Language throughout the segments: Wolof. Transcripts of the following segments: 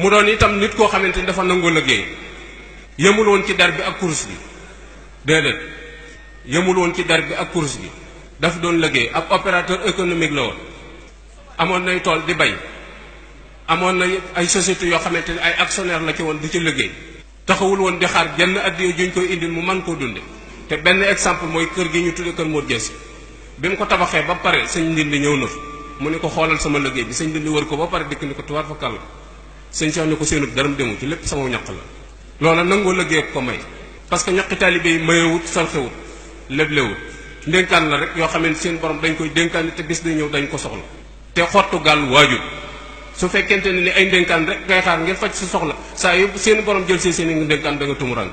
mu doon itam nit koo xamante ni dafa nangoo liggéey yëmul woon ci der bi ak kurus gi déedéet yëmul woon ci der bi ak kurus gi daf doon liggéey ab opérateur économique la woon amoon nay tool di bay amoon na ay société yoo xamante ni ay actionnaire la ci woon di ci liggéey taxawul woon di xaar jenn yo juñ koy indil mu man koo dunde te benn exemple mooy kër gi ñu tudde kër Modou Diass bi mu ko tabaxee ba pare sëñ ndindi ñëw na fi mu ni ko xoolal sama liggéey bi sëñ ndindi wër ko ba pare dikk ni ko tuwaar fa kàll sëñ Cheikh ne ko seenub dara demu ci lépp sama ñaq la loola nangoo liggéey lëggee ko may parce que ñaqi taalibe yi mayewut salxewut leblewut ndénkaan la rek yoo xam ne seen borom dañ koy dénkaan te bis day ñëw dañ ko soxla te xottu gàll waajur su fekkente ne ni ay ndénkaan rek ngay xaar ngir faj sa soxla saa yu seen borom jël see seen i ndénkaan da nga tumuraan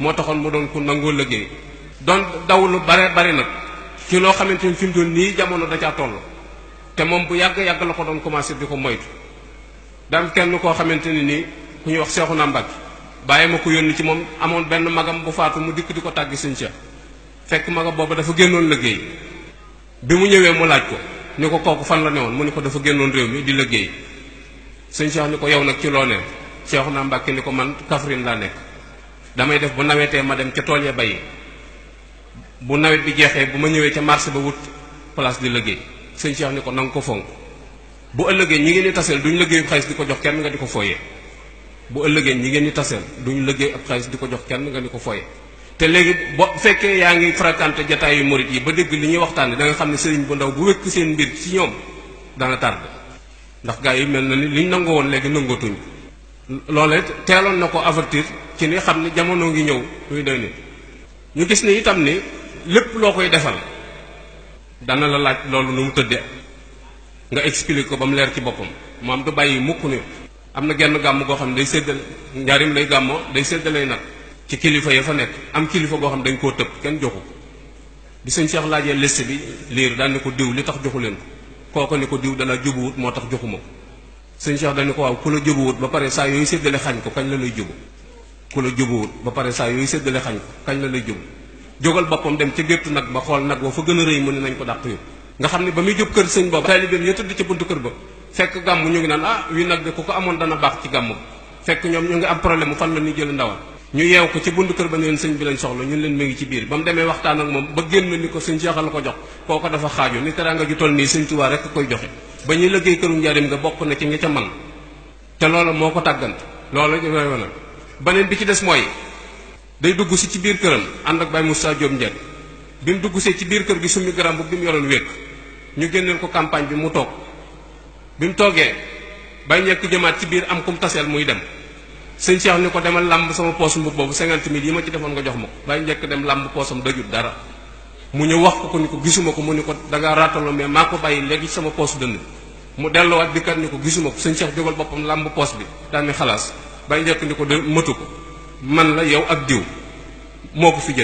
moo taxoon mu doon ku nangoo liggéey doon daw lu bare bare nag ci loo xamante ni fi mu doon nii jamono da caa te moom bu yàgg yàgg la ko doon commencé di ko moytu daam kenn koo xamante ne nii ku ñuy wax Seexuna Mbàkke bàyyi ma ko yónni ci moom amoon benn magam bu faatu mu dikk di ko tàgg sëñ Seex fekk magam booba dafa génnoon liggéey bi mu ñëwee mu laaj ko ni ko kooku fan la ne woon mu ni ko dafa génnoon réew mi di liggéey sëñ Seex ni ko yow nag ci loo ne Seexuna Mbàkke ni ko man Kaffrine laa nekk damay def bu nawetee ma dem ca tool ya bay bu nawet bi jeexee bu ma ñëwee ca marché ba wut place di liggéey sëñ Seex ni ko nanga ko fonk bu ëllëgee ñi ngeen di taseel duñu liggéey ab xaalis di ko jox kenn nga di ko fooyee bu ëllëgee ñi ngeen ñi taseel duñ liggéey ab xaalis di ko jox kenn nga ni ko fooyee te léegi boo fekkee yaa ngi fréquenté jataay yu murit yi ba dégg li ñuy waxtaan da nga xam ne sëriñ bu ndaw bu wékk seen mbir ci ñoom dana tardé ndax gars yi mel na ni liñ nangoo woon léegi nangootuñ loole teeloon na ko avertir ci ni xam ne jamono ngi ñëw luy doy nit ñu gis ni itam ni lépp loo koy defal dana la laaj loolu nu mu tëddee nga expliqué ko ba mu leer ci boppam moom du bàyyi mukk ni am na genn gàmm goo xam ne day séddale njaarim lay gàmmoo day séddale nag ci kilifa yi fa nekk am kilifa goo xam dañ koo tëb kenn ko di sëñ Cheikh laajee liste bi liir daan ne ko diw li tax joxu leen ko kooko ne ko diw dala jubuwut moo tax joxuma ko sëñ Cheikh dañ ko waaw ku la jubuwut ba pare saa yooyu séddale xañ ko kañ la lay jubu ku la jubuwut ba pare saa yooyu séddale xañ kañ la lay jubu jógal boppam dem ca gétt nag ba xool nag wa fa gën a rëy mu ne nañ ko dàq yóbbu nga xam ne ba muy jóg kër sëñ boobu taalibeem ya tëdd ci buntu kër ba fekk gàmm ñu ngi naan ah wi nag de ku ko amoon dana baax ci gàmm fekk ñoom ñu ngi am problème fan la ñuy jël ndawal ñu yeew ko ci buntu kër ba ne leen sëñ bi lañ soxla ñun leen mi ngi ci biir ba mu demee waxtaan ak moom ba génn ni ko sëñ Cheikh la ko jox kooko dafa xaaju ni nga ju toll nii sëñ Tuubaa rek koy joxe ba ñuy liggéey këru njarim nga bokk na ci nga ca man te loola moo ko tàggant loola doy na beneen bi ci des mooy day dugg si ci biir këram ànd ak Baye Moussa Diop Ndiaye bim mu se ci bir kër gi summi gram bu bim mu yoroon ñu génneel ko campagne bi mu tok bim mu bay ñek jëmaat ci bir am kum tassel muy dem sëñ Cheikh ni ko demal lamb sama poos mbub bobu 50 mil yi ma ci defon nga jox mako bay ñek dem làmb poosam dajut dara mu ñu wax ko ko ni ko mu ni ko da nga ratalo mais mako bay bàyyi sama poos dënd mu delluwaat dikkat ni ko gisuma ko Cheikh jogal bopam lamb poos bi daal ni xalas bay ñek ni ko de man la yow ak diw moko fi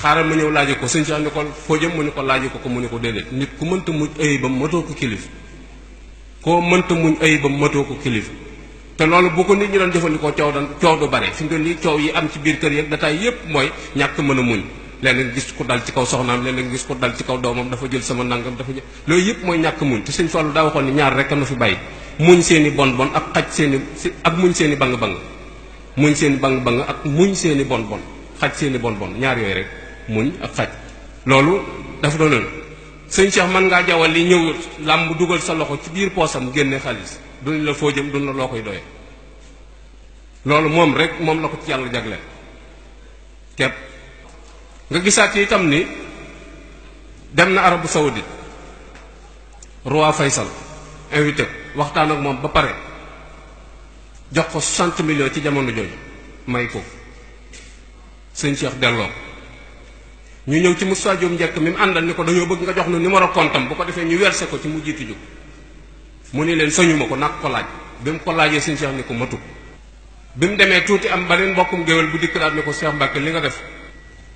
xaaral ma ñëw laaje ko sëñ Cheikh ni ko foo jëm mu ne ko laaje ko ko mu ni ko déedéet nit ku mënta muñ ayibam matoo ko kilif koo mënta muñ ayibam matoo ko kilifa te loolu bu ko nit ñi doon jëfandikoo coow dan coow du bare fi mu doon nii coow yi am ci biir kër yeeg dataay yépp mooy ñàkk mën a muñ léeg gis ko dal ci kaw soxnaam léeg-léeg gis ko dal ci kaw doomam dafa jël sama nangam dafa jël loolu yépp mooy ñàkk muñ te sëñ Fallou daa waxoon ni ñaar rek a na fi bàyyi muñ seeni i bon bon ak xaj seen ak muñ seeni i bang bang muñ seen i bang ak muñ seen i bon bon xaj bon bon ñaar yooyu rek muñ ak faj loolu dafa doonoon sëñ Cheikh man ngaa jawal li ñëw làmb dugal sa loxo ci biir poosam génne xaalis du la foo jëm du la loo koy doye loolu moom rek moom la ko ci yàlla jagleel kepp nga gisaat itam ni dem na arabu saoudite roi faysal invité waxtaan ak moom ba pare jox ko 60 millions ci jamono jooju may ko sëñ Cheikh delloo ñu ñëw ci Moussa Diom njëkk mi mu àndal ni ko dañoo bëgg nga jox ñu numéro comptam bu ko defee ñu wërsé ko ci mu jiitu jóg mu ni leen sañu ma ko nak ko laaj bi ko laajé suñ Cheikh ni ko matut bi mu am balen bokkum géwél bu dikk daal ni ko Cheikh mbacké li nga def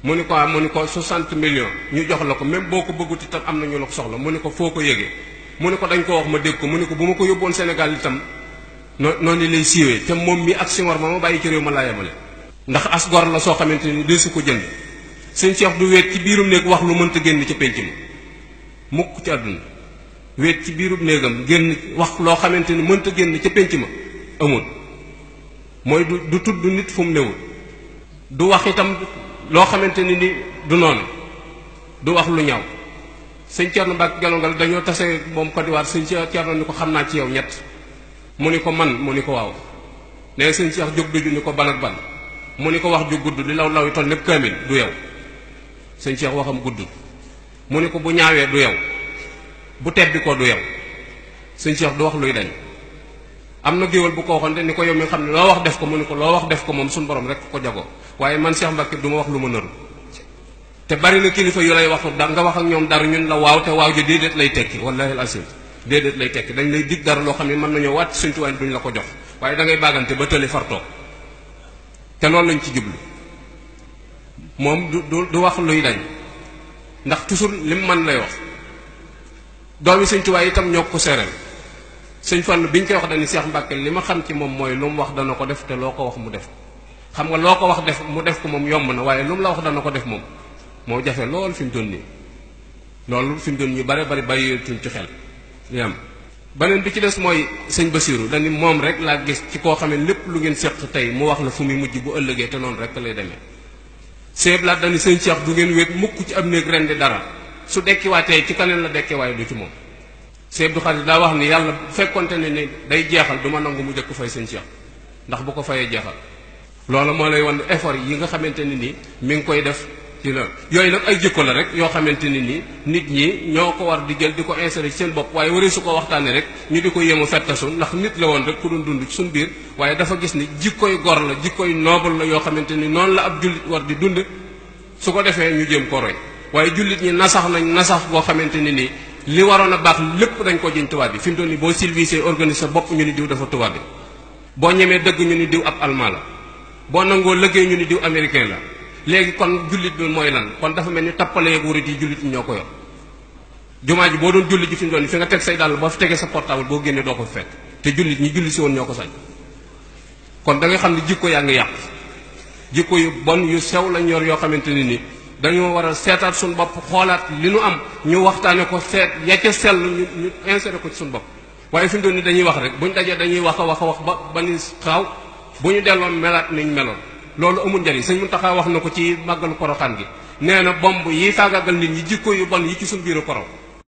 mu ni ko ah, mu ni ko 60 millions ñu jox la ko même boko bëggut itam am la ko soxla mu ni ko foko ko mu ni ko dañ ko wax ma dégg ko mu ni ko buma ko yóbboon Sénégal tam no lay siwé té mom mi ak singor ma ci réew ma ndax asgor la so xamanteni ko jënd sëñ Cheikh du weet ci biirum néeg wax lu mënta génn ca pénc ma mukk ci ci biirum néegam génn wax loo xamante ni mënta génn ca pénc ma amul mooy du du tudd nit fu newul du wax itam loo xamante ni ni du noonu du wax lu ñaaw sëñ Thierno Mbacke Galongal dañoo tase moom Côte d'Ivoire sëñ Thierno ni ko xam naa ci yow ñett mu ni ko man mu ni ko waaw nee sëñ Cheikh jóg duju ni ko ban ak ban mu ni ko wax ju gudd li law law yi toll lépp kaamil du yow sëñ Cheikh waxam gudd mu ne ko bu ñaawee du yow bu tebbi ko du yow sëñ Cheikh du wax luy dañ am na géwél bu ko waxoon ni ko yow mi nga xam ne loo wax def ko mu ne ko loo wax def ko moom suñu borom rek ko jagoo waaye man Cheikh Mbacke du ma wax lu ma nëru te bari na kilifa yu lay wax da nga wax ak ñoom dara ñun la waaw te waaw ji déedéet lay tekki wallahi al-asim déedéet lay tekki dañ lay dig dara loo xam ne mën nañoo wàcc suñ tuwaan duñu la ko jox waaye da ngay bàggante ba tële fartoo te loolu lañ ci jublu moom du du wax luy dañ ndax toujours lim man lay wax doomi sëñ Tuubaa itam ñoo ko seereel sëñ Fallu bi ñu koy wax dañu Seex Mbàkke li ma xam ci moom mooy lu mu wax dana ko def te loo ko wax mu def ko xam nga loo ko wax def mu def ko moom yomb na waaye lu mu la wax dana ko def moom moo jafe loolu fi mu doon nii loolu fi mu doon ñu bare bari bàyyeetuñ ci xel li am beneen bi ci des mooy sëñ Basiiru dañu moom rek laa gis ci koo xam ne lépp lu ngeen séq tey mu wax la fu muy mujj bu ëllëgee te rek lay demee Sèye Blat dañu sëñ Cheikh du ngeen wéet mukk ci am néeg ren di dara su dekkiwaatee ci kaneen la dekkee dekkiwaay du ci moom. Sèye Abdou Khadir daa wax ni yàlla bu fekkonte ne ni day jeexal duma nangu mu jëkk fay sëñ Cheikh ndax bu ko fayee jeexal. loolu moo lay wan effort yi nga xamante ne ni mi ngi koy def ci la yooyu nag ay jikko la rek yoo xamante ne nii nit ñi ñoo ko war di jël di ko insérer seen bopp waaye waree su ko waxtaanee rek ñu di ko yéemu fettasu ndax nit la woon rek ku doon dund ci suñu biir waaye dafa gis ni jikkoy gor la jikkoy noble la yoo xamante ni noonu la ab jullit war di dund su ko defee ñu jëm ko roy waaye jullit ñi nasax nañ nasax boo xamante ne nii li waroon a baax lépp dañ ko jëñ tubaab bi fi mu doon nii boo civilisé organiser bopp ñu ni diw dafa tubaab boo ñemee dëgg ñu ni diw ab allemand la boo nangoo liggéey ñu ni diw américain la léegi kon jullit bi mooy lan kon dafa mel ni tappaleeg wurit yi jullit ñoo ko yor jumaa ji boo doon julli ji fi mu doon fi nga teg say dàll ba fi tegee sa portable boo génnee doo ko fekk te jullit ñi julli si woon ñoo ko sañ kon da nga xam ne jikko yaa ngi yàq jikko yu bon yu sew lañ yor yoo xamante ne ni dañoo war a seetaat suñu bopp xoolaat li nu am ñu waxtaane ko seet ya ca sell ñu ñu inséré ko ci suñu bopp waaye fi mu doon ni dañuy wax rek buñ dajee dañuy wax a wax a wax ba ba ni xaaw ñu delloon melaat niñ meloon loolu amul njariñ sëñ Muntaxa wax na ko ci màggalu poroxaan gi nee na bomb yi faagaagal nit ñi jikko yu bon yi ci suñu biiru porow